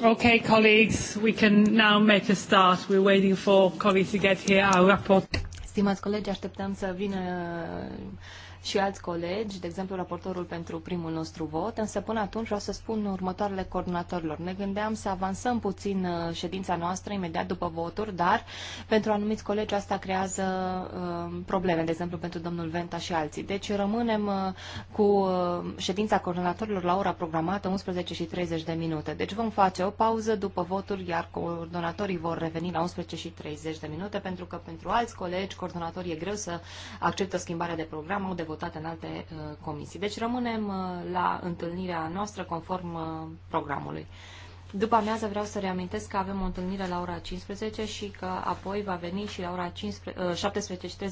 Okay, colleagues, we can now make a start. We're waiting for colleagues to get here. Our rapport. Stimați colegi, așteptăm să vină și alți colegi, de exemplu raportorul pentru primul nostru vot, însă până atunci vreau să spun următoarele coordonatorilor. Ne gândeam să avansăm puțin uh, ședința noastră imediat după voturi, dar pentru anumiți colegi asta creează uh, probleme, de exemplu pentru domnul Venta și alții. Deci rămânem uh, cu uh, ședința coordonatorilor la ora programată 11 și 30 de minute. Deci vom face o pauză după voturi, iar coordonatorii vor reveni la 11 și 30 de minute, pentru că pentru alți colegi, coordonatorii e greu să acceptă schimbarea de program, au de votate în alte uh, comisii. Deci rămânem uh, la întâlnirea noastră conform uh, programului. După amiază vreau să reamintesc că avem o întâlnire la ora 15 și că apoi va veni și la ora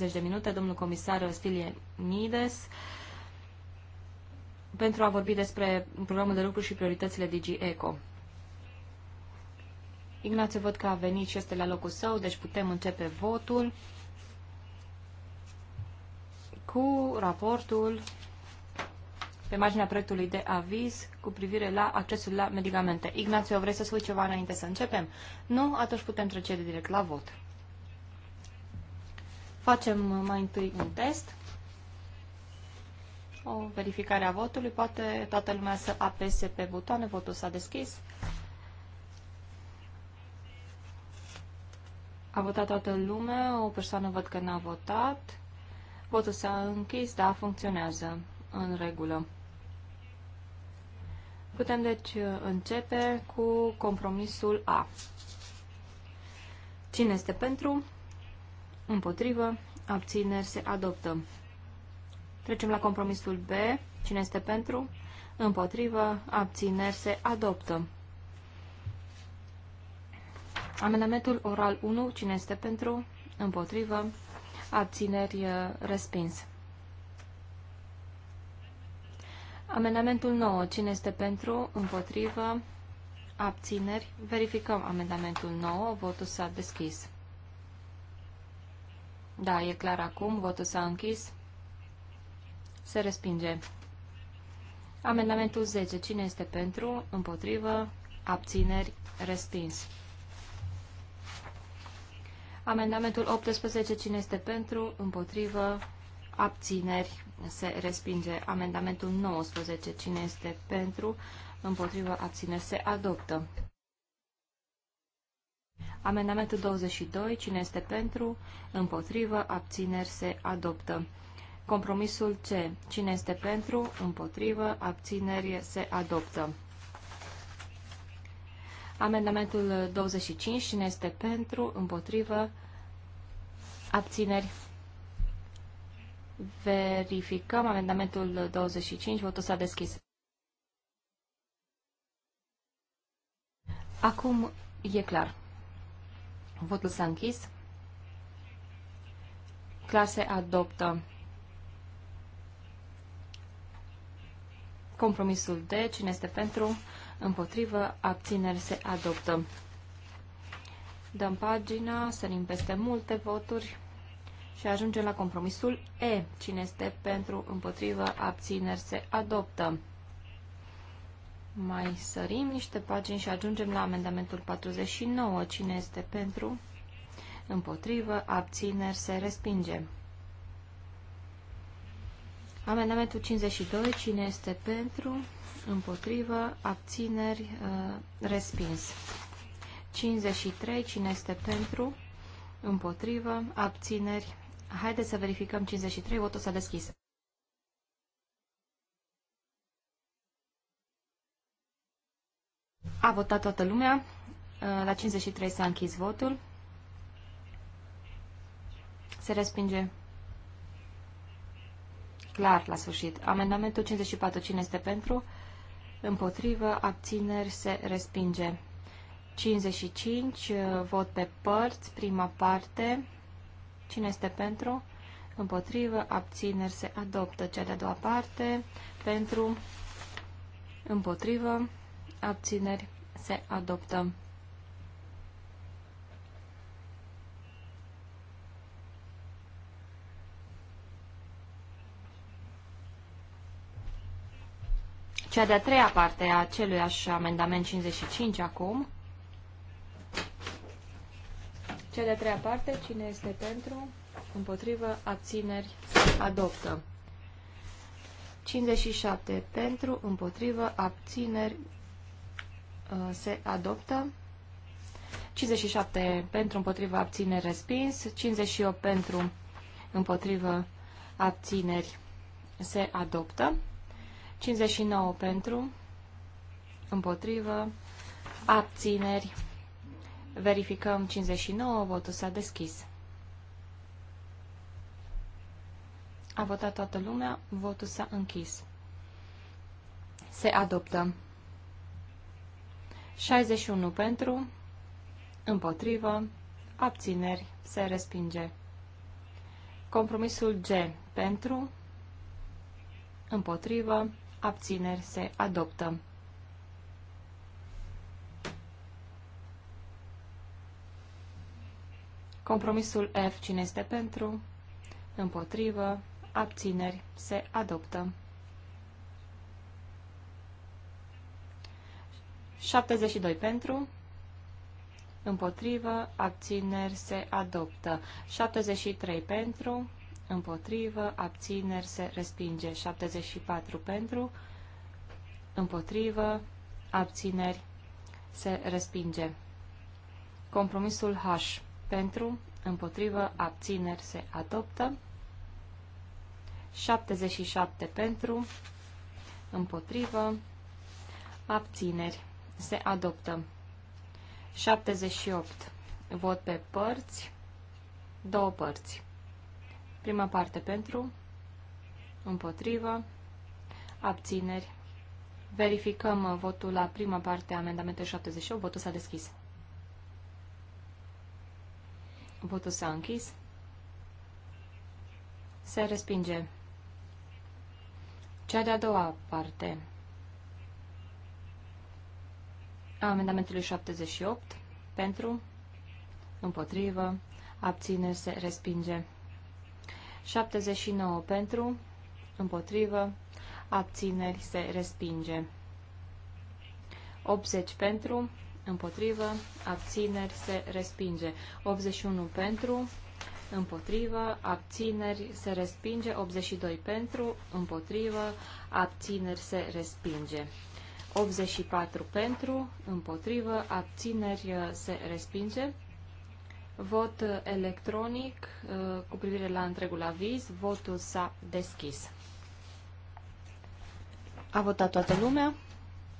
17.30 de minute domnul comisar Nides pentru a vorbi despre programul de lucru și prioritățile DigiEco. Ignațiu, văd că a venit și este la locul său, deci putem începe votul cu raportul pe marginea proiectului de aviz cu privire la accesul la medicamente. Ignațiu, vrei să spui ceva înainte să începem? Nu? Atunci putem trece direct la vot. Facem mai întâi un test. O verificare a votului. Poate toată lumea să apese pe butoane. Votul s-a deschis. A votat toată lumea. O persoană văd că n-a votat. Votul s-a închis, da, funcționează în regulă. Putem deci începe cu compromisul A. Cine este pentru? Împotrivă? Abțineri se adoptă. Trecem la compromisul B. Cine este pentru? Împotrivă? Abțineri se adoptă. Amendamentul oral 1. Cine este pentru? Împotrivă? abțineri uh, respins. Amendamentul 9. Cine este pentru? Împotrivă? Abțineri? Verificăm amendamentul 9. Votul s-a deschis. Da, e clar acum. Votul s-a închis. Se respinge. Amendamentul 10. Cine este pentru? Împotrivă? Abțineri? Respins. Amendamentul 18, cine este pentru, împotrivă, abțineri, se respinge. Amendamentul 19, cine este pentru, împotrivă, abțineri, se adoptă. Amendamentul 22, cine este pentru, împotrivă, abțineri, se adoptă. Compromisul C, cine este pentru, împotrivă, abțineri, se adoptă. Amendamentul 25, cine este pentru, împotrivă, abțineri. Verificăm amendamentul 25, votul s-a deschis. Acum e clar. Votul s-a închis. Clar se adoptă compromisul de Cine este pentru? împotrivă, abțineri se adoptă. Dăm pagina, sărim peste multe voturi și ajungem la compromisul E. Cine este pentru, împotrivă, abțineri se adoptă. Mai sărim niște pagini și ajungem la amendamentul 49. Cine este pentru, împotrivă, abțineri se respinge. Amendamentul 52, cine este pentru, împotrivă, abțineri, uh, respins. 53, cine este pentru, împotrivă, abțineri. Haideți să verificăm 53, votul s-a deschis. A votat toată lumea. Uh, la 53 s-a închis votul. Se respinge clar la sfârșit. Amendamentul 54. Cine este pentru? Împotrivă. Abțineri. Se respinge. 55. Uh, vot pe părți. Prima parte. Cine este pentru? Împotrivă. Abțineri. Se adoptă. Cea de-a doua parte. Pentru. Împotrivă. Abțineri. Se adoptă. Cea de-a treia parte a aceluiași amendament 55 acum. Cea de-a treia parte, cine este pentru, împotrivă, abțineri, adoptă. 57 uh, pentru, împotrivă, abțineri, se adoptă. 57 pentru, împotrivă, abțineri, respins. 58 pentru, împotrivă, abțineri, se adoptă. 59 pentru, împotrivă, abțineri. Verificăm 59, votul s-a deschis. A votat toată lumea, votul s-a închis. Se adoptă. 61 pentru, împotrivă, abțineri, se respinge. Compromisul G pentru, împotrivă, abțineri, se adoptă. Compromisul F, cine este pentru, împotrivă, abțineri, se adoptă. 72 pentru, împotrivă, abțineri, se adoptă. 73 pentru, împotrivă, abțineri se respinge. 74 pentru, împotrivă, abțineri se respinge. Compromisul H pentru, împotrivă, abțineri se adoptă. 77 pentru, împotrivă, abțineri se adoptă. 78. Vot pe părți, două părți. Prima parte pentru, împotrivă, abțineri. Verificăm votul la prima parte a amendamentului 78. Votul s-a deschis. Votul s-a închis. Se respinge. Cea de-a doua parte a amendamentului 78 pentru, împotrivă, abțineri se respinge. 79 pentru, împotrivă, abțineri se respinge. 80 pentru, împotrivă, abțineri se respinge. 81 pentru, împotrivă, abțineri se respinge. 82 pentru, împotrivă, abțineri se respinge. 84 pentru, împotrivă, abțineri se respinge. Vot uh, electronic uh, cu privire la întregul aviz. Votul s-a deschis. A votat toată lumea.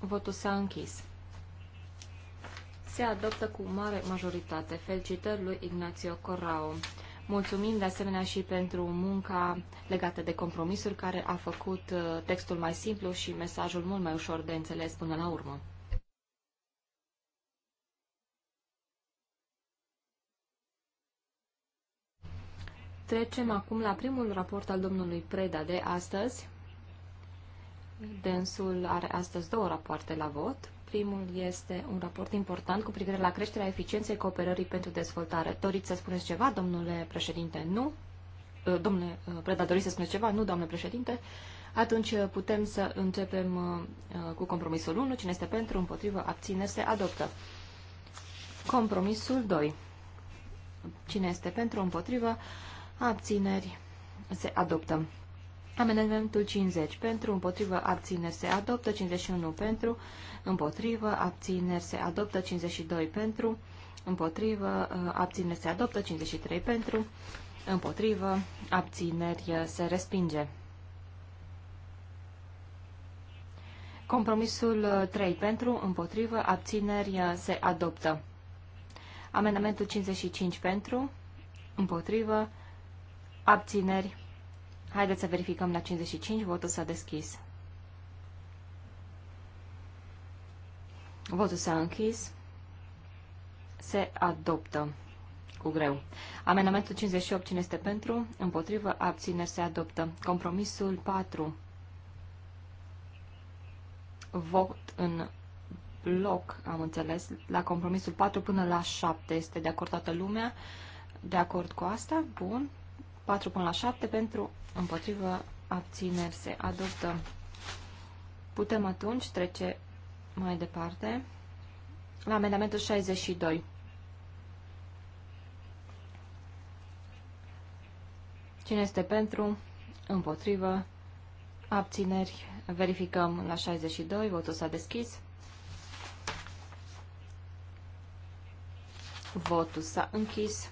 Votul s-a închis. Se adoptă cu mare majoritate. Felicitări lui Ignacio Corrao. Mulțumim de asemenea și pentru munca legată de compromisuri care a făcut uh, textul mai simplu și mesajul mult mai ușor de înțeles până la urmă. Trecem acum la primul raport al domnului Preda de astăzi. Densul are astăzi două rapoarte la vot. Primul este un raport important cu privire la creșterea eficienței cooperării pentru dezvoltare. Doriți să spuneți ceva, domnule președinte? Nu? Uh, domnule uh, Preda, doriți să spuneți ceva? Nu, domnule președinte? Atunci uh, putem să începem cu compromisul 1. Cine este pentru, împotrivă, abține, se adoptă. Compromisul 2. Cine este pentru, împotrivă, abțineri, se adoptă. Amendamentul 50 pentru, împotrivă, abțineri se adoptă, 51 pentru, împotrivă, abțineri se adoptă, 52 pentru, împotrivă, uh, abțineri se adoptă, 53 pentru, împotrivă, abțineri se respinge. Compromisul 3 uh, pentru, împotrivă, abțineri uh, se adoptă. Amendamentul 55 pentru, împotrivă, abțineri. Haideți să verificăm la 55, votul s-a deschis. Votul s-a închis. Se adoptă cu greu. Amendamentul 58, cine este pentru? Împotrivă, abțineri, se adoptă. Compromisul 4. Vot în bloc, am înțeles, la compromisul 4 până la 7. Este de acord toată lumea? De acord cu asta? Bun. 4 până la 7 pentru împotrivă abțineri se adoptă. Putem atunci trece mai departe la amendamentul 62. Cine este pentru? Împotrivă. Abțineri. Verificăm la 62. Votul s-a deschis. Votul s-a închis.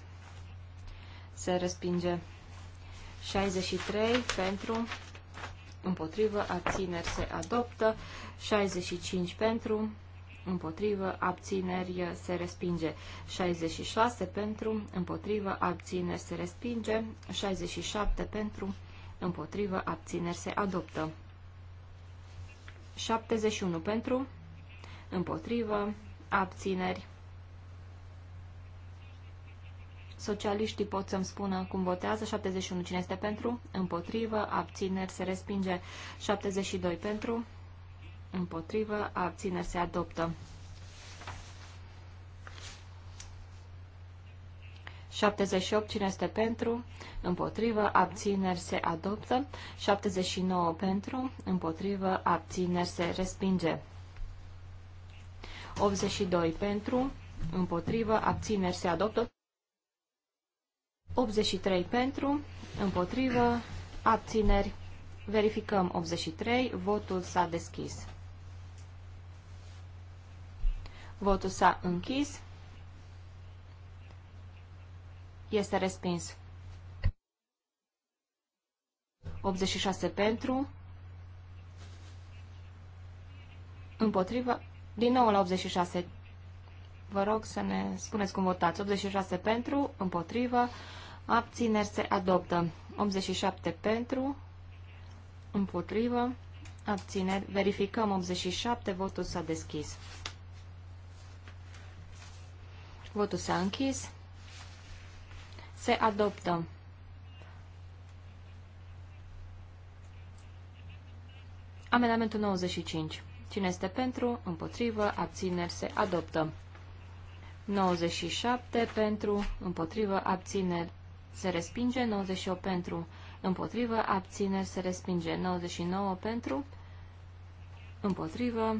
Se respinge. 63 pentru, împotrivă, abțineri se adoptă, 65 pentru, împotrivă, abțineri se respinge, 66 pentru, împotrivă, abțineri se respinge, 67 pentru, împotrivă, abțineri se adoptă, 71 pentru, împotrivă, abțineri Socialiștii pot să-mi spună cum votează. 71 cine este pentru, împotrivă, abțineri, se respinge. 72 pentru, împotrivă, abțineri, se adoptă. 78 cine este pentru, împotrivă, abțineri, se adoptă. 79 pentru, împotrivă, abțineri, se respinge. 82 pentru, împotrivă, abțineri, se adoptă. 83 pentru, împotrivă, abțineri. Verificăm 83, votul s-a deschis. Votul s-a închis. Este respins. 86 pentru. Împotrivă. Din nou la 86. Vă rog să ne spuneți cum votați. 86 pentru, împotrivă, abțineri se adoptă. 87 pentru, împotrivă, abțineri. Verificăm 87, votul s-a deschis. Votul s-a închis. Se adoptă. Amendamentul 95. Cine este pentru, împotrivă, abțineri, se adoptă. 97 pentru, împotrivă, abțineri, se respinge, 98 pentru, împotrivă, abțineri, se respinge, 99 pentru, împotrivă,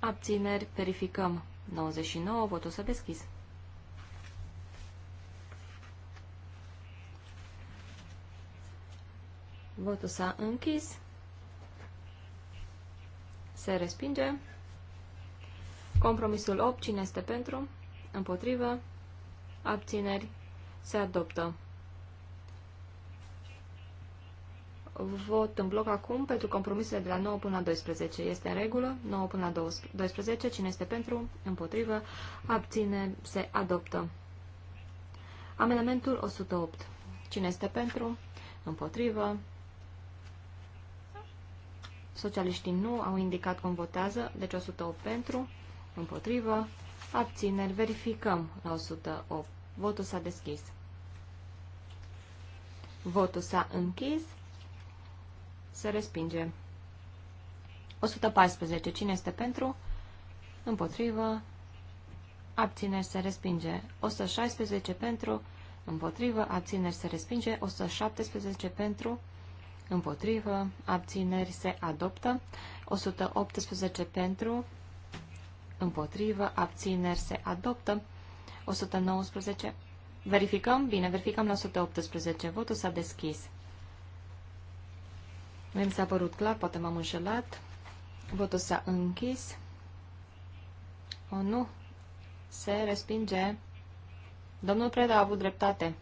abțineri, verificăm, 99, votul s-a deschis. Votul s-a închis. Se respinge. Compromisul 8. Cine este pentru? Împotrivă. Abțineri. Se adoptă. Vot în bloc acum pentru compromisele de la 9 până la 12. Este în regulă? 9 până la 12. Cine este pentru? Împotrivă? Abține? Se adoptă. Amendamentul 108. Cine este pentru? Împotrivă? Socialiștii nu au indicat cum votează, deci 108 pentru, împotrivă, abțineri, verificăm la 108. Votul s-a deschis. Votul s-a închis se respinge. 114. Cine este pentru? Împotrivă. Abțineri se respinge. 116 pentru. Împotrivă. Abțineri se respinge. 117 pentru. Împotrivă. Abțineri se adoptă. 118 pentru. Împotrivă. Abțineri se adoptă. 119. Verificăm? Bine, verificăm la 118. Votul s-a deschis. Mi s-a părut clar, poate m-am înșelat. Votul s-a închis. O, nu. Se respinge. Domnul Preda a avut dreptate.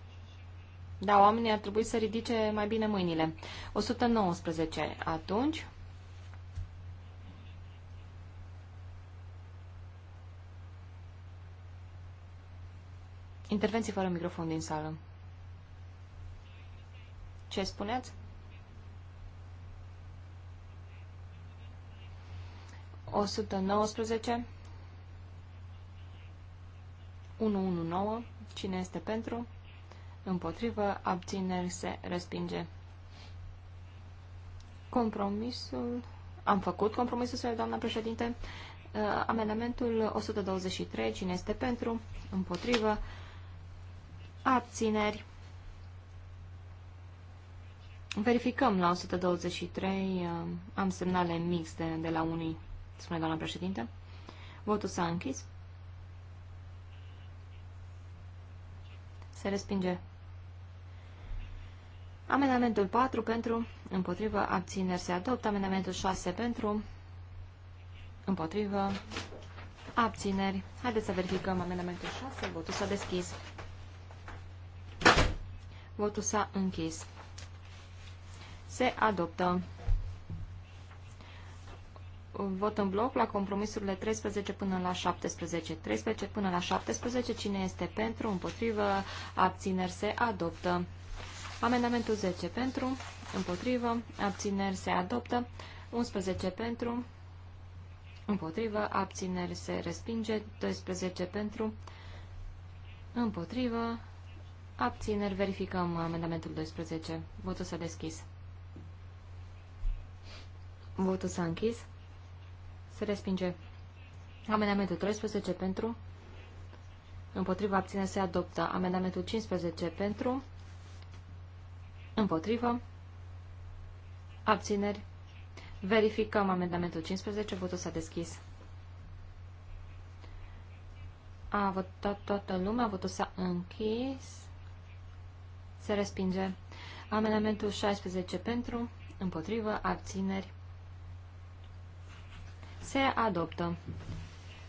Da, oamenii ar trebui să ridice mai bine mâinile. 119. Atunci... Intervenții fără microfon din sală. Ce spuneți? 119. 119. Cine este pentru? Împotrivă. Abțineri se respinge. Compromisul. Am făcut compromisul, să doamna președinte. Uh, amendamentul 123. Cine este pentru? Împotrivă. Abțineri. Verificăm la 123, uh, am semnale mixte de la unii spune doamna președinte. Votul s-a închis. Se respinge. Amendamentul 4 pentru, împotrivă, abțineri se adoptă. Amendamentul 6 pentru, împotrivă, abțineri. Haideți să verificăm amendamentul 6. Votul s-a deschis. Votul s-a închis. Se adoptă vot în bloc la compromisurile 13 până la 17. 13 până la 17. Cine este pentru? Împotrivă? Abțineri se adoptă. Amendamentul 10 pentru, împotrivă, abțineri se adoptă, 11 pentru, împotrivă, abțineri se respinge, 12 pentru, împotrivă, abțineri, verificăm amendamentul 12. Votul s-a deschis. Votul s-a închis. Se respinge. Amendamentul 13 pentru. Împotriva abține se adoptă. Amendamentul 15 pentru. Împotrivă. Abțineri. Verificăm amendamentul 15. Votul s-a deschis. A votat toată lumea. Votul s-a închis. Se respinge. Amendamentul 16 pentru. Împotrivă. Abțineri. Se adoptă.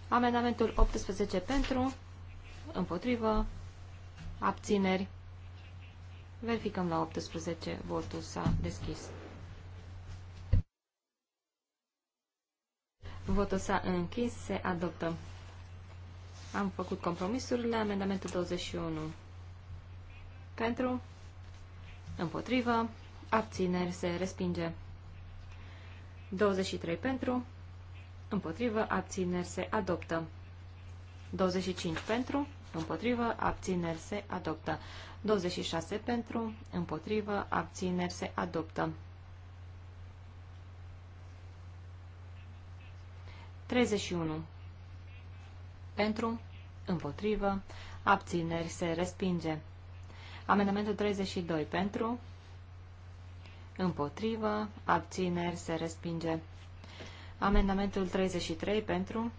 Amendamentul 18 pentru, împotrivă, abțineri. Verificăm la 18, votul s-a deschis. Votul s-a închis, se adoptă. Am făcut compromisurile, amendamentul 21. Pentru, împotrivă, abțineri, se respinge. 23 pentru, împotrivă, abțineri se adoptă. 25 pentru, împotrivă, abțineri se adoptă. 26 pentru, împotrivă, abțineri se adoptă. 31 pentru, împotrivă, abțineri se respinge. Amendamentul 32 pentru, împotrivă, abțineri se respinge. Amendamentul 33 pentru...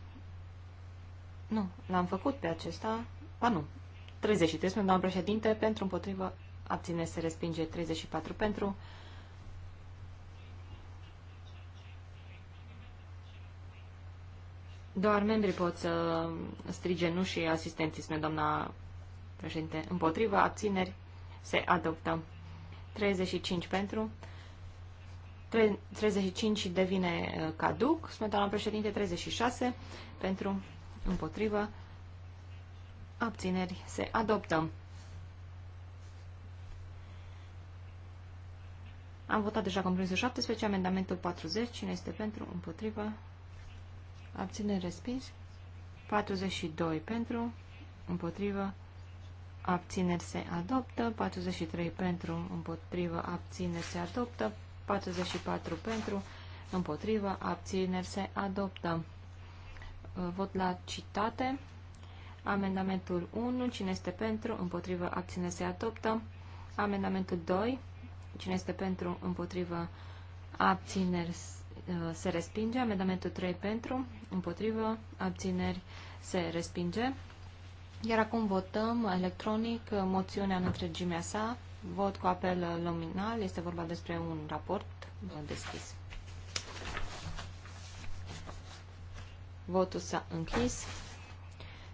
Nu, l-am făcut pe acesta. Ba nu. 33, spune doamna președinte, pentru împotrivă abține se respinge 34 pentru... Doar membrii pot să strige nu și asistenții, spune doamna președinte. împotrivă abțineri, se adoptă. 35 pentru, 35 devine uh, caduc. Sunt la președinte 36 pentru împotrivă. Abțineri se adoptă. Am votat deja compromisul 17, amendamentul 40. Cine este pentru? Împotrivă. Abțineri respins. 42 pentru. Împotrivă. Abțineri se adoptă. 43 pentru. Împotrivă. Abțineri se adoptă. 44 pentru, împotrivă, abțineri se adoptă. Vot la citate. Amendamentul 1, cine este pentru, împotrivă, abțineri se adoptă. Amendamentul 2, cine este pentru, împotrivă, abțineri se respinge. Amendamentul 3 pentru, împotrivă, abțineri se respinge. Iar acum votăm electronic moțiunea în întregimea sa. Vot cu apel nominal. Este vorba despre un raport uh, deschis. Votul s-a închis.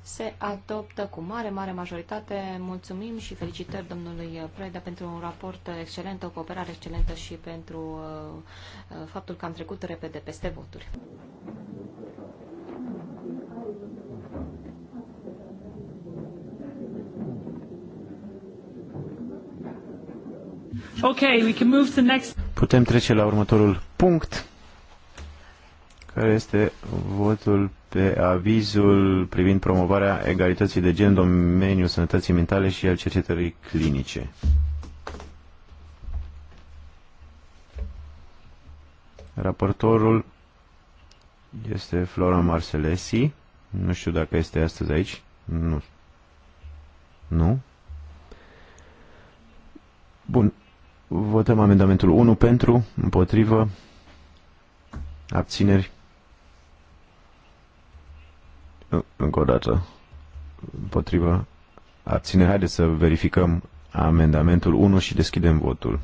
Se adoptă cu mare, mare majoritate. Mulțumim și felicitări domnului Preda pentru un raport excelent, o cooperare excelentă și pentru uh, uh, faptul că am trecut repede peste voturi. Okay, we can move to next... Putem trece la următorul punct, care este votul pe avizul privind promovarea egalității de gen în domeniul sănătății mentale și al cercetării clinice. Raportorul este Flora Marcelesi. Nu știu dacă este astăzi aici. Nu. Nu? Bun. Votăm amendamentul 1 pentru, împotrivă, abțineri. Încă o dată, împotrivă, abțineri. Haideți să verificăm amendamentul 1 și deschidem votul.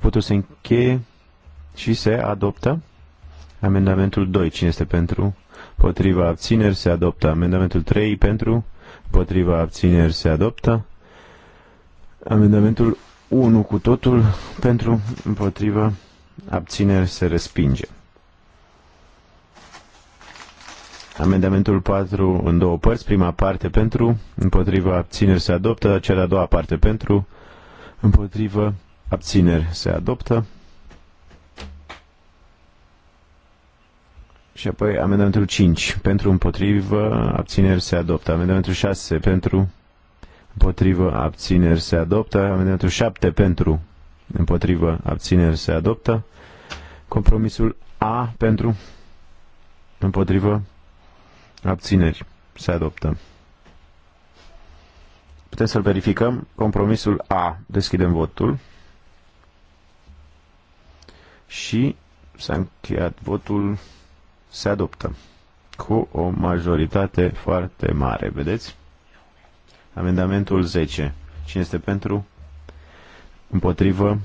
Votul se încheie și se adoptă. Amendamentul 2. Cine este pentru? Potriva abțineri se adoptă. Amendamentul 3 pentru? împotriva abțineri se adoptă. Amendamentul 1 cu totul pentru împotriva abțineri se respinge. Amendamentul 4 în două părți, prima parte pentru, împotriva abțineri se adoptă, cea de-a doua parte pentru, împotriva abțineri se adoptă. Și apoi amendamentul 5. Pentru împotrivă, abțineri se adoptă. Amendamentul 6. Pentru împotrivă, abțineri se adoptă. Amendamentul 7. Pentru împotrivă, abțineri se adoptă. Compromisul A. Pentru împotrivă, abțineri se adoptă. Putem să-l verificăm. Compromisul A. Deschidem votul. Și s-a încheiat votul se adoptă cu o majoritate foarte mare. Vedeți? Amendamentul 10. Cine este pentru? Împotrivă?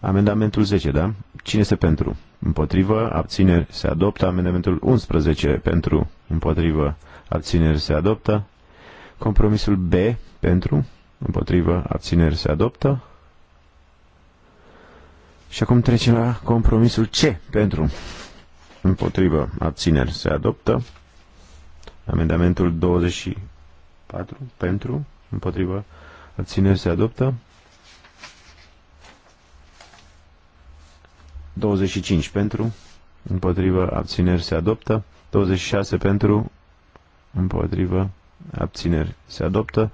Amendamentul 10, da? Cine este pentru? Împotrivă? Abțineri? Se adoptă. Amendamentul 11 pentru? Împotrivă? Abțineri? Se adoptă. Compromisul B pentru? Împotrivă? Abțineri? Se adoptă. Și acum trece la compromisul C pentru împotrivă abțineri se adoptă. Amendamentul 24 pentru împotrivă abțineri se adoptă. 25 pentru împotrivă abțineri se adoptă. 26 pentru împotrivă abțineri se adoptă.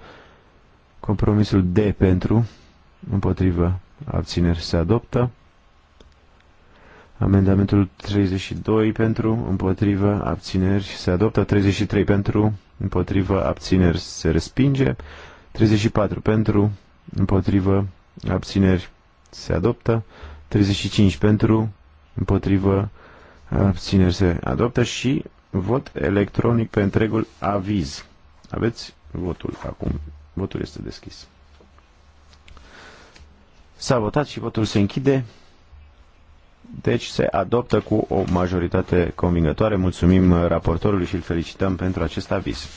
Compromisul D pentru împotrivă abțineri se adoptă. Amendamentul 32 pentru, împotrivă, abțineri se adoptă. 33 pentru, împotrivă, abțineri se respinge. 34 pentru, împotrivă, abțineri se adoptă. 35 pentru, împotrivă, abțineri se adoptă și vot electronic pe întregul aviz. Aveți votul acum. Votul este deschis. S-a votat și votul se închide. Deci se adoptă cu o majoritate convingătoare. Mulțumim uh, raportorului și îl felicităm pentru acest aviz.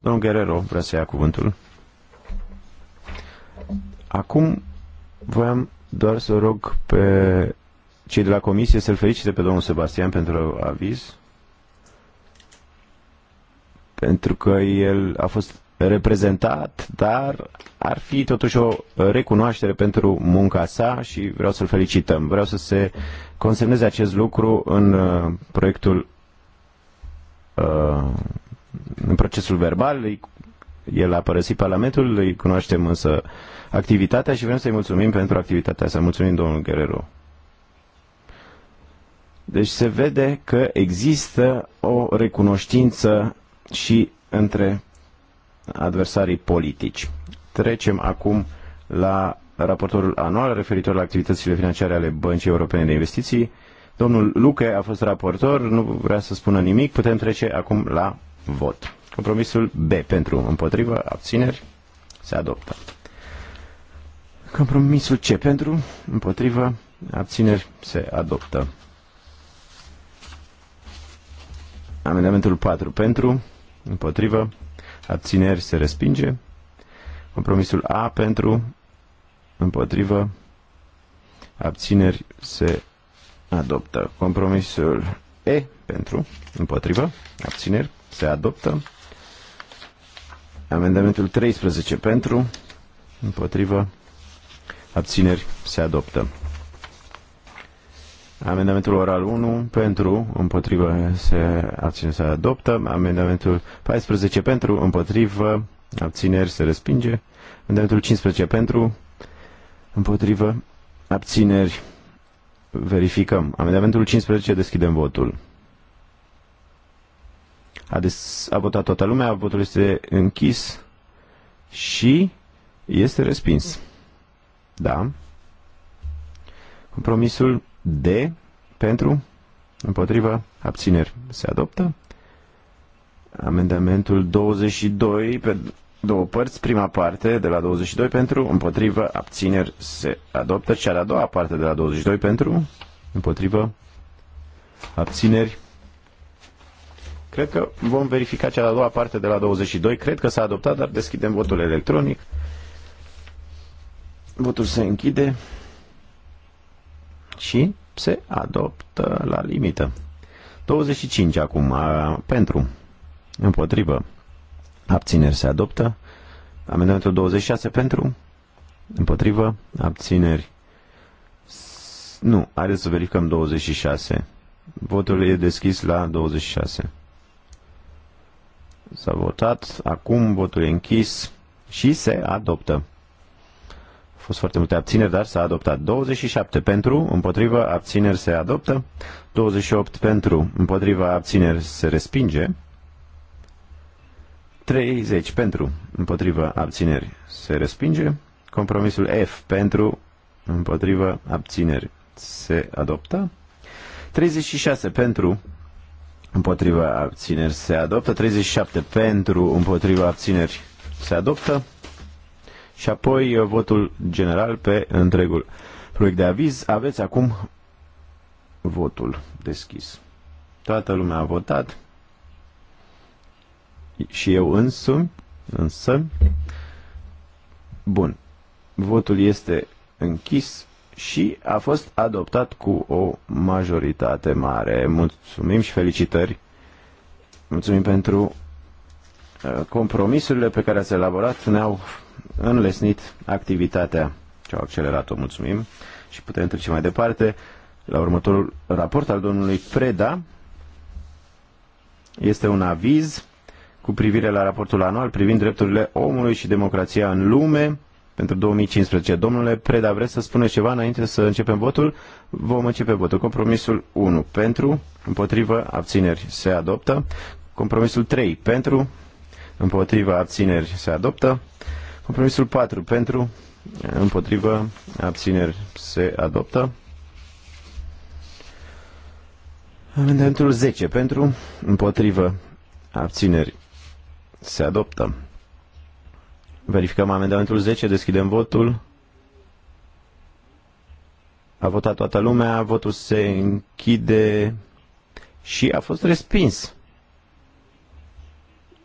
Domnul Guerrero vrea să ia cuvântul. Acum voiam doar să rog pe cei de la comisie să-l felicite pe domnul Sebastian pentru aviz, pentru că el a fost reprezentat, dar ar fi totuși o recunoaștere pentru munca sa și vreau să-l felicităm. Vreau să se consemneze acest lucru în uh, proiectul uh, în procesul verbal. El a părăsit Parlamentul, îi cunoaștem însă activitatea și vrem să-i mulțumim pentru activitatea sa. Mulțumim, domnul Guerrero. Deci se vede că există o recunoștință și între adversarii politici. Trecem acum la raportorul anual referitor la activitățile financiare ale Băncii Europene de Investiții. Domnul Luca a fost raportor, nu vrea să spună nimic, putem trece acum la vot. Compromisul B pentru împotrivă, abțineri, se adoptă. Compromisul C pentru împotrivă, abțineri, se adoptă. Amendamentul 4 pentru, împotrivă, abțineri se respinge. Compromisul A pentru, împotrivă, abțineri se adoptă. Compromisul E pentru, împotrivă, abțineri se adoptă. Amendamentul 13 pentru, împotrivă, abțineri se adoptă. Amendamentul oral 1 pentru, împotrivă, se abține, se adoptă. Amendamentul 14 pentru, împotrivă, abțineri, se respinge. Amendamentul 15 pentru, împotrivă, abțineri, verificăm. Amendamentul 15, deschidem votul. A, des, a votat toată lumea, votul este închis și este respins. Da. Compromisul D pentru, împotriva, abțineri se adoptă. Amendamentul 22 pe două părți, prima parte de la 22 pentru, împotrivă, abțineri se adoptă, cea de-a doua parte de la 22 pentru, împotrivă, abțineri. Cred că vom verifica cea de-a doua parte de la 22, cred că s-a adoptat, dar deschidem votul electronic. Votul se închide și se adoptă la limită. 25 acum, a, pentru, împotrivă, abțineri se adoptă, amendamentul 26 pentru, împotrivă, abțineri, nu, haideți să verificăm 26. Votul e deschis la 26. S-a votat, acum votul e închis și se adoptă fost foarte multe abțineri, dar s-a adoptat. 27 pentru, împotriva, abțineri se adoptă. 28 pentru, împotriva, abțineri se respinge. 30 pentru, împotriva, abțineri se respinge. Compromisul F pentru, împotriva, abțineri se adoptă. 36 pentru, împotriva, abțineri se adoptă. 37 pentru, împotriva, abțineri se adoptă și apoi uh, votul general pe întregul proiect de aviz. Aveți acum votul deschis. Toată lumea a votat și eu însumi, însă. Bun. Votul este închis și a fost adoptat cu o majoritate mare. Mulțumim și felicitări. Mulțumim pentru uh, compromisurile pe care ați elaborat. Ne-au înlesnit activitatea ce au accelerat-o, mulțumim, și putem trece mai departe la următorul raport al domnului Preda. Este un aviz cu privire la raportul anual privind drepturile omului și democrația în lume pentru 2015. Domnule Preda, vreți să spuneți ceva înainte să începem votul? Vom începe votul. Compromisul 1 pentru, împotrivă, abțineri se adoptă. Compromisul 3 pentru, împotrivă, abțineri se adoptă. Compromisul 4 pentru, împotrivă, abțineri se adoptă. Amendamentul 10 pentru, împotrivă, abțineri se adoptă. Verificăm amendamentul 10, deschidem votul. A votat toată lumea, votul se închide și a fost respins.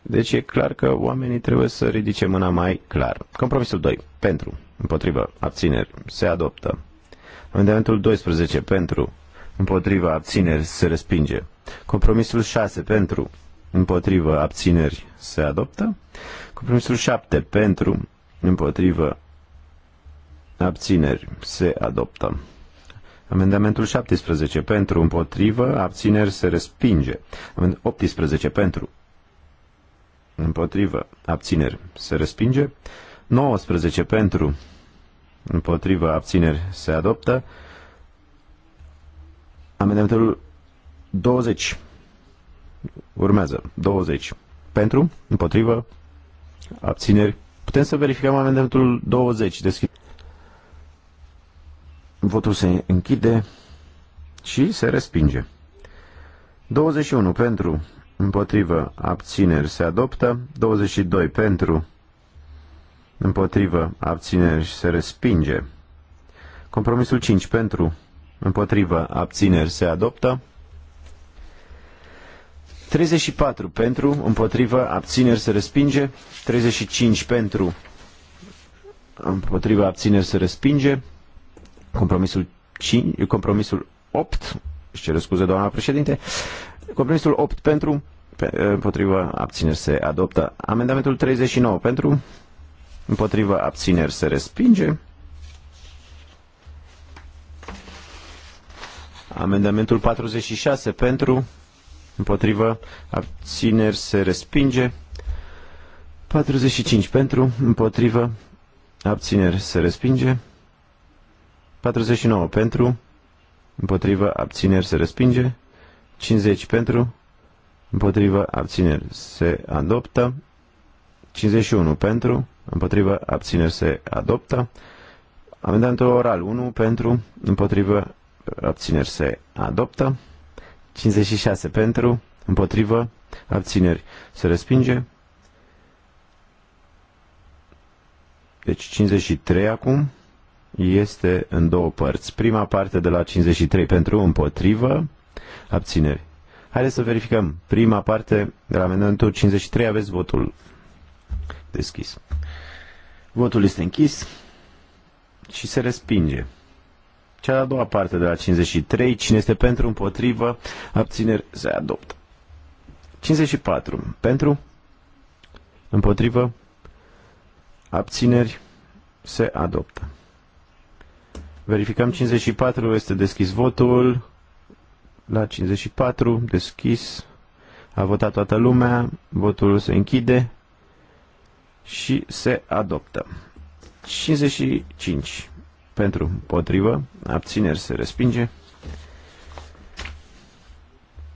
Deci e clar că oamenii trebuie să ridice mâna mai clar. Compromisul 2. Pentru. Împotriva. Abțineri. Se adoptă. Amendamentul 12. Pentru. Împotriva. Abțineri. Se respinge. Compromisul 6. Pentru. Împotriva. Abțineri. Se adoptă. Compromisul 7. Pentru. Împotriva. Abțineri. Se adoptă. Amendamentul 17. Pentru. Împotrivă. Abțineri. Se respinge. Amendamentul 18. Pentru împotrivă, abțineri, se respinge. 19 pentru, împotrivă, abțineri, se adoptă. Amendamentul 20. Urmează. 20. Pentru, împotrivă, abțineri. Putem să verificăm amendamentul 20. Deschid. Votul se închide și se respinge. 21 pentru, împotrivă, abțineri se adoptă, 22 pentru, împotrivă, abțineri se respinge. Compromisul 5 pentru, împotrivă, abțineri se adoptă. 34 pentru, împotrivă, abțineri se respinge. 35 pentru, împotrivă, abțineri se respinge. Compromisul, 5, compromisul 8, își cer scuze doamna președinte, Compromisul 8 pentru, împotriva abțineri se adoptă. Amendamentul 39 pentru, împotriva abțineri se respinge. Amendamentul 46 pentru, împotrivă, abțineri se respinge. 45 pentru, împotrivă, abțineri se respinge. 49 pentru, împotrivă, abțineri se respinge. 50 pentru, împotriva abțineri se adoptă, 51 pentru, împotriva abțineri se adoptă, amendamentul oral 1 pentru, împotriva abțineri se adoptă, 56 pentru, împotriva abțineri se respinge, deci 53 acum, este în două părți. Prima parte de la 53 pentru împotrivă, abțineri. Haideți să verificăm. Prima parte de 53 aveți votul deschis. Votul este închis și se respinge. Cea de-a doua parte de la 53, cine este pentru, împotrivă, abțineri, se adoptă. 54, pentru, împotrivă, abțineri, se adoptă. Verificăm 54, este deschis votul la 54, deschis, a votat toată lumea, votul se închide și se adoptă. 55 pentru, potrivă, abțineri se respinge.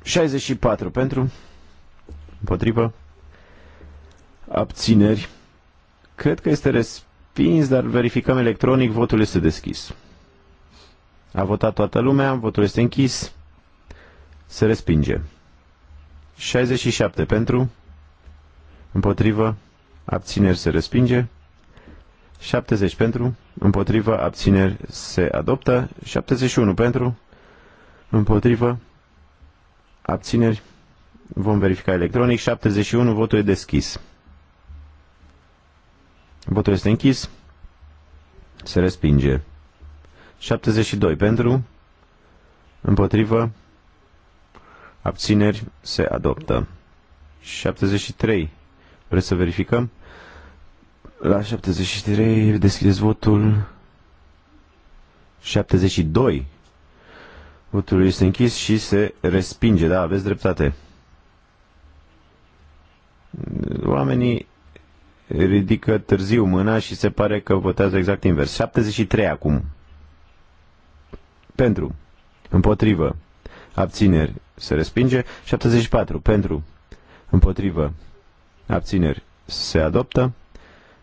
64 pentru, potrivă, abțineri. Cred că este respins, dar verificăm electronic, votul este deschis. A votat toată lumea, votul este închis se respinge. 67 pentru, împotrivă, abțineri se respinge. 70 pentru, împotrivă, abțineri se adoptă. 71 pentru, împotrivă, abțineri. Vom verifica electronic. 71, votul e deschis. Votul este închis. Se respinge. 72 pentru, împotrivă, abțineri, se adoptă. 73. Vreți să verificăm? La 73 deschideți votul. 72. Votul este închis și se respinge. Da, aveți dreptate. Oamenii ridică târziu mâna și se pare că votează exact invers. 73 acum. Pentru. Împotrivă abțineri, se respinge. 74 pentru, împotrivă, abțineri, se adoptă.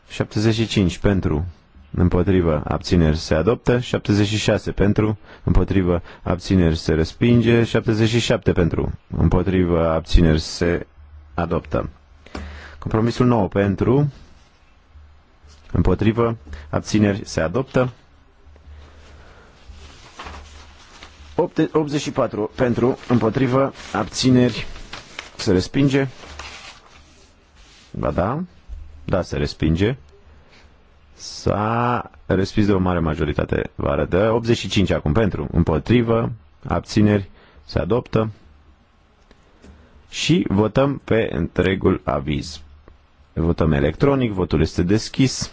75 pentru, împotrivă, abțineri, se adoptă. 76 pentru, împotrivă, abțineri, se respinge. 77 pentru, împotrivă, abțineri, se adoptă. Compromisul 9 pentru, împotrivă, abțineri, se adoptă. 84 pentru, împotrivă, abțineri, se respinge. Ba da, da, se respinge. S-a respins de o mare majoritate, vă arătă. 85 acum pentru, împotrivă, abțineri, se adoptă. Și votăm pe întregul aviz. Votăm electronic, votul este deschis.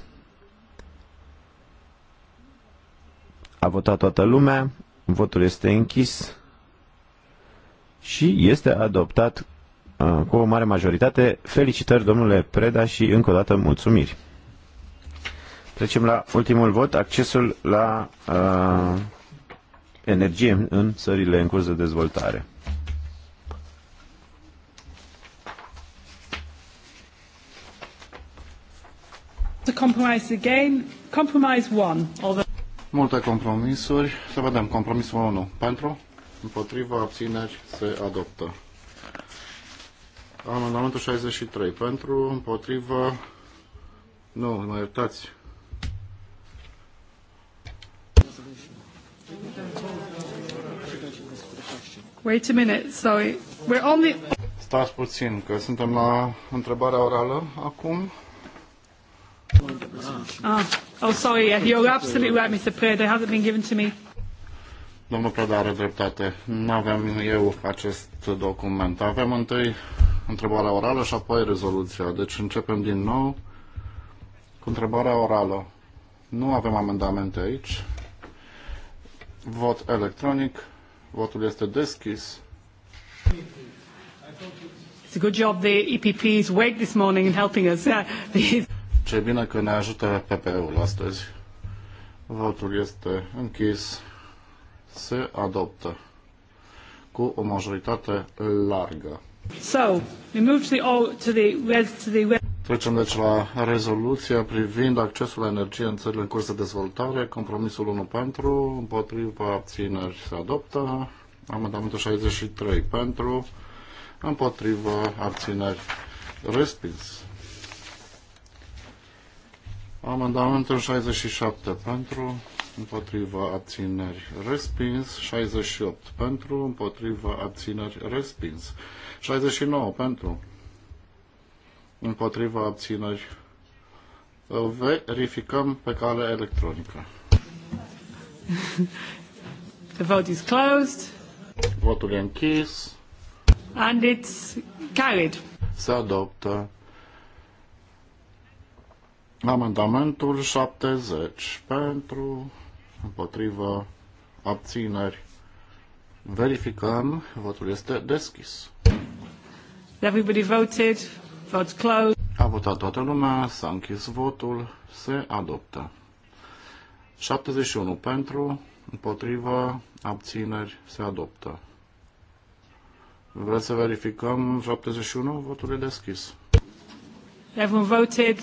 A votat toată lumea, Votul este închis și este adoptat uh, cu o mare majoritate. Felicitări, domnule Preda, și încă o dată mulțumiri. Trecem la ultimul vot, accesul la uh, energie în țările în curs de dezvoltare. The compromise again. Compromise one. Although... Multe compromisuri. Să vedem. Compromisul 1. Pentru? Împotriva abțineri se adoptă. Amendamentul 63. Pentru? Împotriva? Nu, mă iertați. Wait a minute, sorry. We're on the... Stați puțin, că suntem la întrebarea orală acum. Ah. Oh, sorry, you're absolutely right, Mr. Preda. It hasn't been given to me. Domnul Preda are dreptate. Nu avem eu acest document. Avem întâi întrebarea orală și apoi rezoluția. Deci începem din nou cu întrebarea orală. Nu avem amendamente aici. Vot electronic. Votul este deschis. It's a good job the EPP is awake this morning and helping us. Yeah. Ce bine că ne ajută PPE-ul astăzi. Votul este închis. Se adoptă cu o majoritate largă. So, we move to the, to the, to the... Trecem deci la rezoluția privind accesul la energie în țările în curs de dezvoltare. Compromisul 1 pentru, împotriva abțineri se adoptă. Amendamentul 63 pentru, împotriva abțineri respins. Amendamentul 67 pentru, împotriva abțineri respins, 68 pentru, împotriva abțineri respins, 69 pentru, împotriva abțineri. Verificăm pe cale electronică. The vote is closed. Votul e închis. And it's carried. Se adoptă. Amendamentul 70 pentru, împotrivă, abțineri. Verificăm, votul este deschis. Everybody voted, vote closed. A votat toată lumea, s-a închis votul, se adoptă. 71 pentru, împotrivă, abțineri, se adoptă. Vreți să verificăm 71? Votul e deschis. Everyone voted.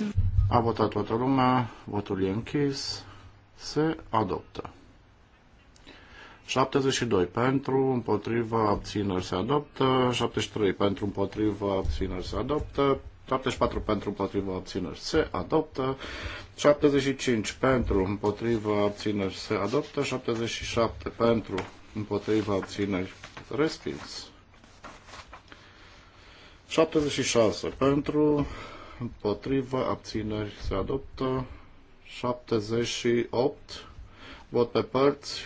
A votat toată lumea, votul e închis, se adoptă. 72 pentru, împotriva, abțineri se adoptă, 73 pentru, împotriva, abțineri se adoptă, 74 pentru, împotriva, abțineri se adoptă, 75 pentru, împotriva, abțineri se adoptă, 77 pentru, împotriva, abțineri respins. 76 pentru, împotrivă, abțineri se adoptă. 78, vot pe părți.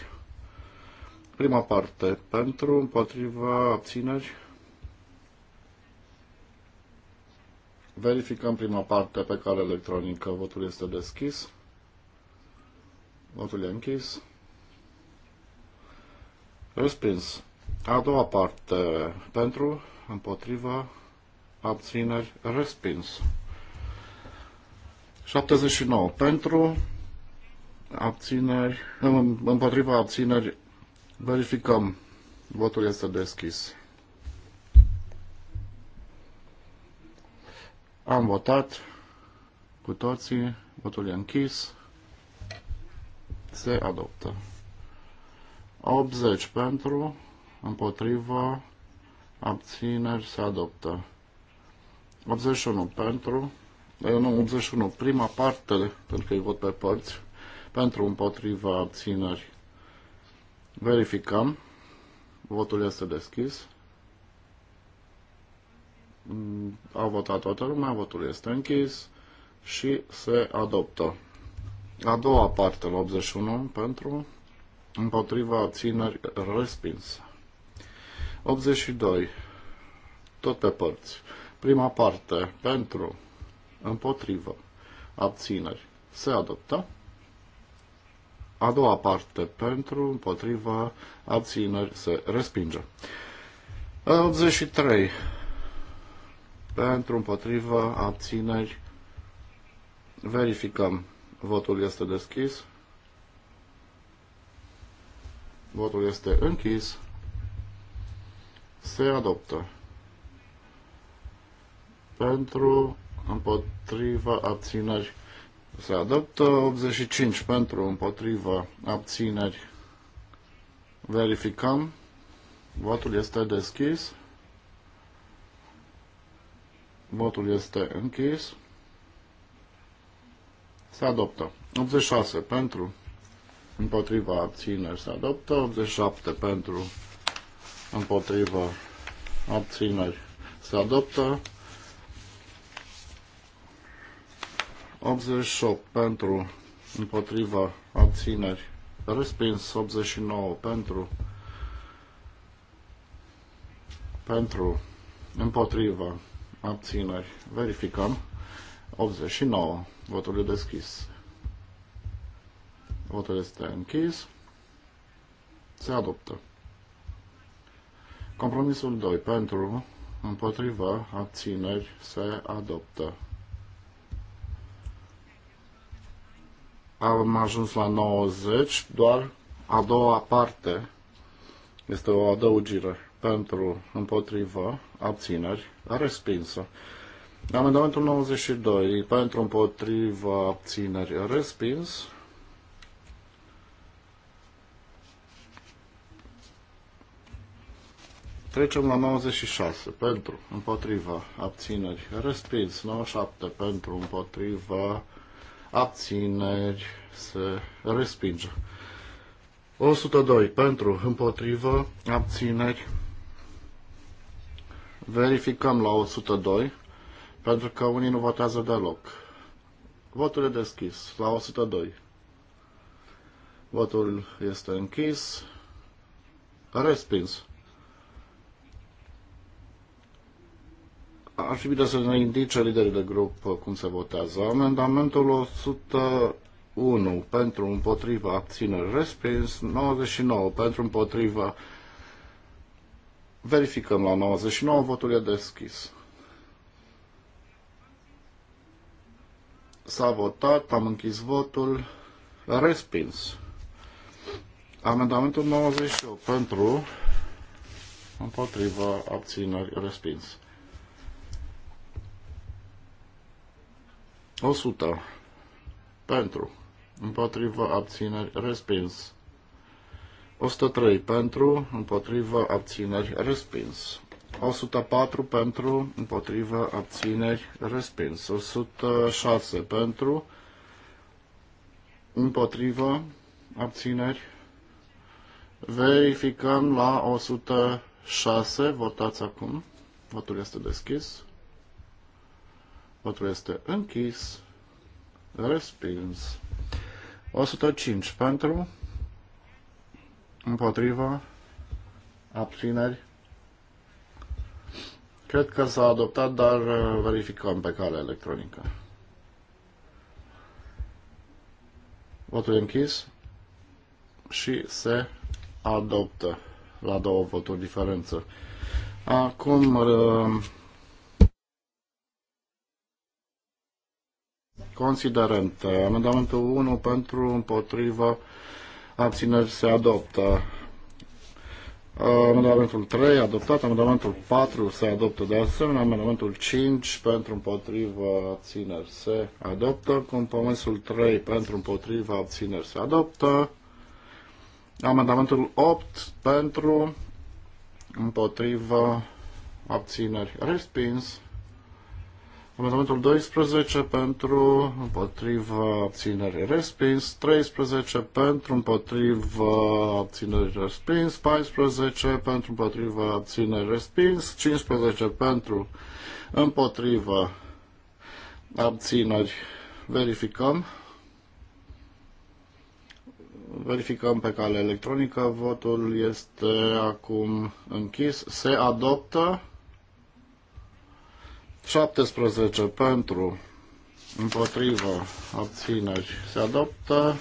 Prima parte, pentru, împotrivă, abțineri. Verificăm prima parte pe care electronică. Votul este deschis. Votul e închis. Respins. A doua parte pentru, împotriva, abțineri, respins. 79 pentru, abțineri, împotriva abțineri, verificăm. Votul este deschis. Am votat cu toții, votul e închis, se adoptă. 80 pentru, împotriva, abțineri, se adoptă. 81 pentru, nu, 81, prima parte, pentru că e vot pe părți, pentru împotriva abțineri. Verificăm. Votul este deschis. A votat toată lumea, votul este închis și se adoptă. A doua parte, la 81, pentru împotriva abțineri respins. 82. Tot pe părți. Prima parte, pentru împotrivă, abțineri, se adoptă. A doua parte, pentru, împotriva, abțineri, se respinge. 83. Pentru, împotriva, abțineri, verificăm. Votul este deschis. Votul este închis. Se adoptă. Pentru împotriva abțineri se adoptă, 85 pentru, împotriva abțineri verificăm, votul este deschis, votul este închis, se adoptă, 86 pentru, împotriva abțineri se adoptă, 87 pentru, împotriva abțineri se adoptă, 88 pentru, împotriva, abțineri, respins. 89 pentru, pentru, împotriva, abțineri, verificăm. 89, votul e deschis. Votul este închis. Se adoptă. Compromisul 2. Pentru, împotriva, abțineri, se adoptă. am ajuns la 90, doar a doua parte este o adăugire pentru împotrivă, abțineri, respinsă. Amendamentul 92 pentru împotrivă, abțineri, respins. Trecem la 96 pentru împotriva abțineri, respins 97 pentru împotriva abțineri, se respinge. 102 pentru, împotrivă, abțineri. Verificăm la 102, pentru că unii nu votează deloc. Votul e deschis, la 102. Votul este închis. Respins. ar fi bine să ne indice liderii de grup cum se votează. Amendamentul 101 pentru împotriva abținere respins, 99 pentru împotriva verificăm la 99, votul e deschis. S-a votat, am închis votul, respins. Amendamentul 98 pentru împotriva abțineri respins. 100 pentru, împotriva abțineri, respins. 103 pentru, împotriva abțineri, respins. 104 pentru, împotriva abțineri, respins. 106 pentru, împotriva abțineri. Verificăm la 106, votați acum. Votul este deschis. Votul este închis. Respins. 105 pentru. Împotriva. Abțineri. Cred că s-a adoptat, dar uh, verificăm pe cale electronică. Votul închis și se adoptă la două voturi diferență. Acum uh, Considerente. Amendamentul 1 pentru împotrivă abțineri se adoptă. Amendamentul 3 adoptat, amendamentul 4 se adoptă de asemenea, amendamentul 5 pentru împotrivă abțineri se adoptă, compromisul 3 pentru împotrivă abțineri se adoptă, amendamentul 8 pentru împotrivă abțineri respins, Amendamentul 12 pentru împotriva abținere respins, 13 pentru împotriva abținere respins, 14 pentru împotriva abținere respins, 15 pentru împotriva abțineri. Verificăm. Verificăm pe cale electronică. Votul este acum închis. Se adoptă. 17 pentru, împotrivă, abțineri, se adoptă.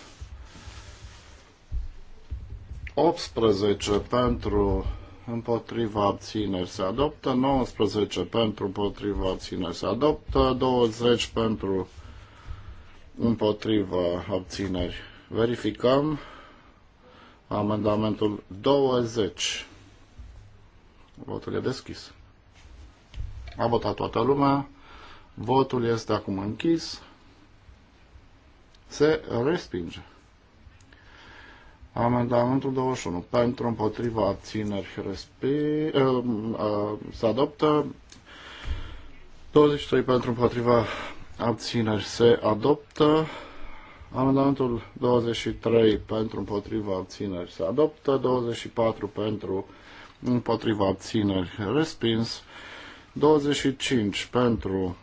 18 pentru, împotrivă, abțineri se adoptă, 19 pentru împotrivă, abțineri se adoptă, 20 pentru împotrivă, abțineri. Verificăm amendamentul 20. Votul e deschis. A votat toată lumea. Votul este acum închis. Se respinge. Amendamentul 21. Pentru, împotriva, abțineri, respi... Uh, uh, se adoptă. 23 pentru, împotriva, abțineri, se adoptă. Amendamentul 23 pentru, împotriva, abțineri, se adoptă. 24 pentru, împotriva, abțineri, respins. 25 pentru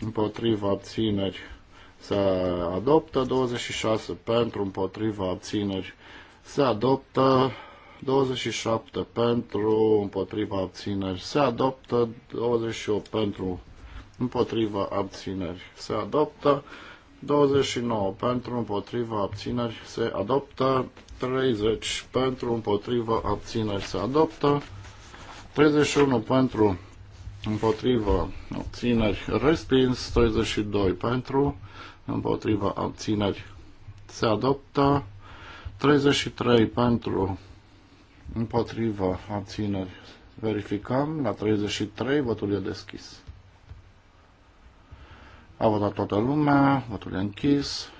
împotriva abțineri se adoptă, 26 pentru împotriva abțineri se adoptă, 27 pentru împotriva abțineri se adoptă, 28 pentru împotriva abțineri se adoptă, 29 pentru împotriva abțineri se adoptă, 30 pentru împotriva abțineri se adoptă, 31 pentru împotriva abțineri respins, 32 pentru, împotriva abțineri se adoptă, 33 pentru, împotriva abțineri verificăm, la 33 votul e deschis. A votat toată lumea, votul e închis,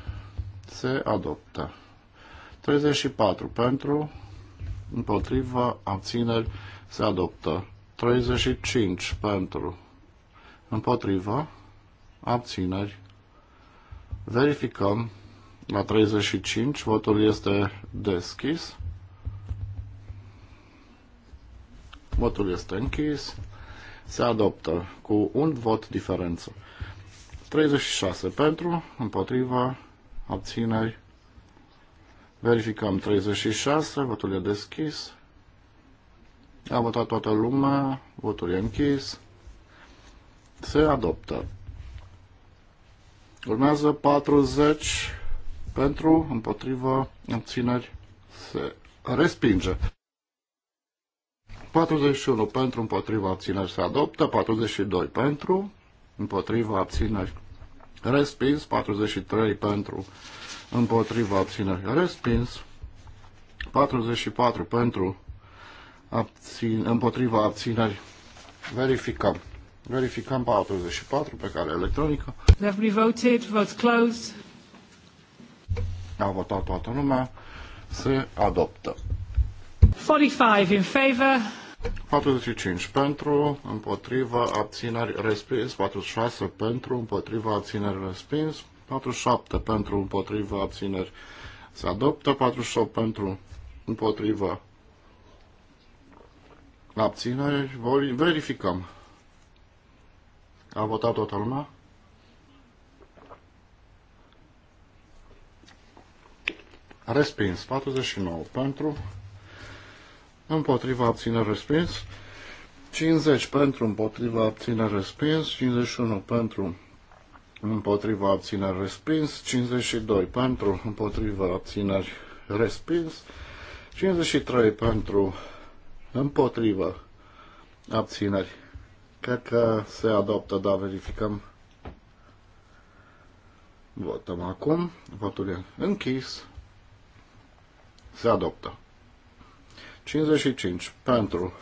se adoptă. 34 pentru, împotriva abțineri se adoptă. 35 pentru, împotriva, abțineri. Verificăm la 35, votul este deschis. Votul este închis. Se adoptă cu un vot diferență. 36 pentru, împotriva, abțineri. Verificăm 36, votul e deschis. A votat toată lumea, votul e închis, se adoptă. Urmează 40 pentru, împotrivă, abțineri, se respinge. 41 pentru, împotriva abțineri se adoptă, 42 pentru, împotriva abțineri respins, 43 pentru, împotriva abțineri respins, 44 pentru, abțin, împotriva abțineri. Verificăm. Verificăm 44 pe care electronică. have voted, vote closed. A votat toată lumea. Se adoptă. 45 in favor. 45 pentru, împotriva, abțineri, respins. 46 pentru, împotriva, abțineri, respins. 47 pentru, împotriva, abțineri, se adoptă. 48 pentru, împotriva, și verificăm. A votat toată lumea? Respins, 49 pentru, împotriva abține respins, 50 pentru împotriva abține respins, 51 pentru împotriva abțineri respins, 52 pentru împotriva abțineri respins, 53 pentru Împotrivă. Abțineri. Cred că se adoptă, da, verificăm. Votăm acum. Votul e închis. Se adoptă. 55 pentru.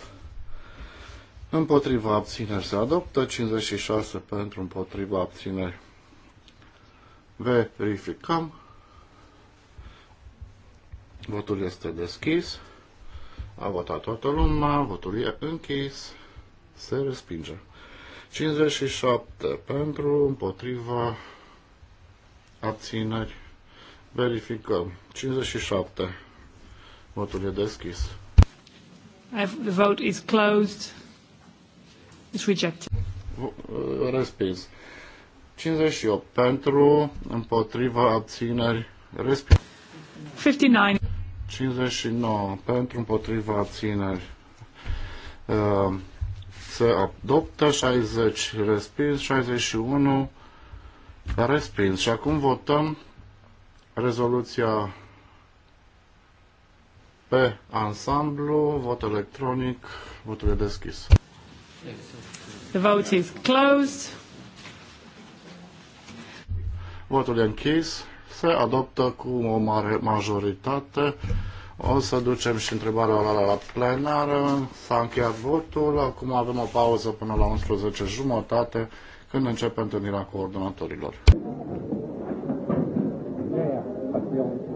Împotriva abțineri se adoptă. 56 pentru împotriva abțineri. Verificăm. Votul este deschis. A votat toată lumea, votul e închis, se respinge. 57 pentru, împotriva, abțineri, verificăm. 57, votul e deschis. The vote is closed. It's rejected. Uh, respins. 58 pentru, împotriva, abțineri, respins. 59. 59 pentru împotriva abțineri uh, se adoptă, 60 respins, 61 respins. Și acum votăm rezoluția pe ansamblu, vot electronic, votul e deschis. The vote is closed. Votul e închis se adoptă cu o mare majoritate. O să ducem și întrebarea la, la plenară. S-a încheiat votul. Acum avem o pauză până la 11 jumătate când începe întâlnirea coordonatorilor. Yeah,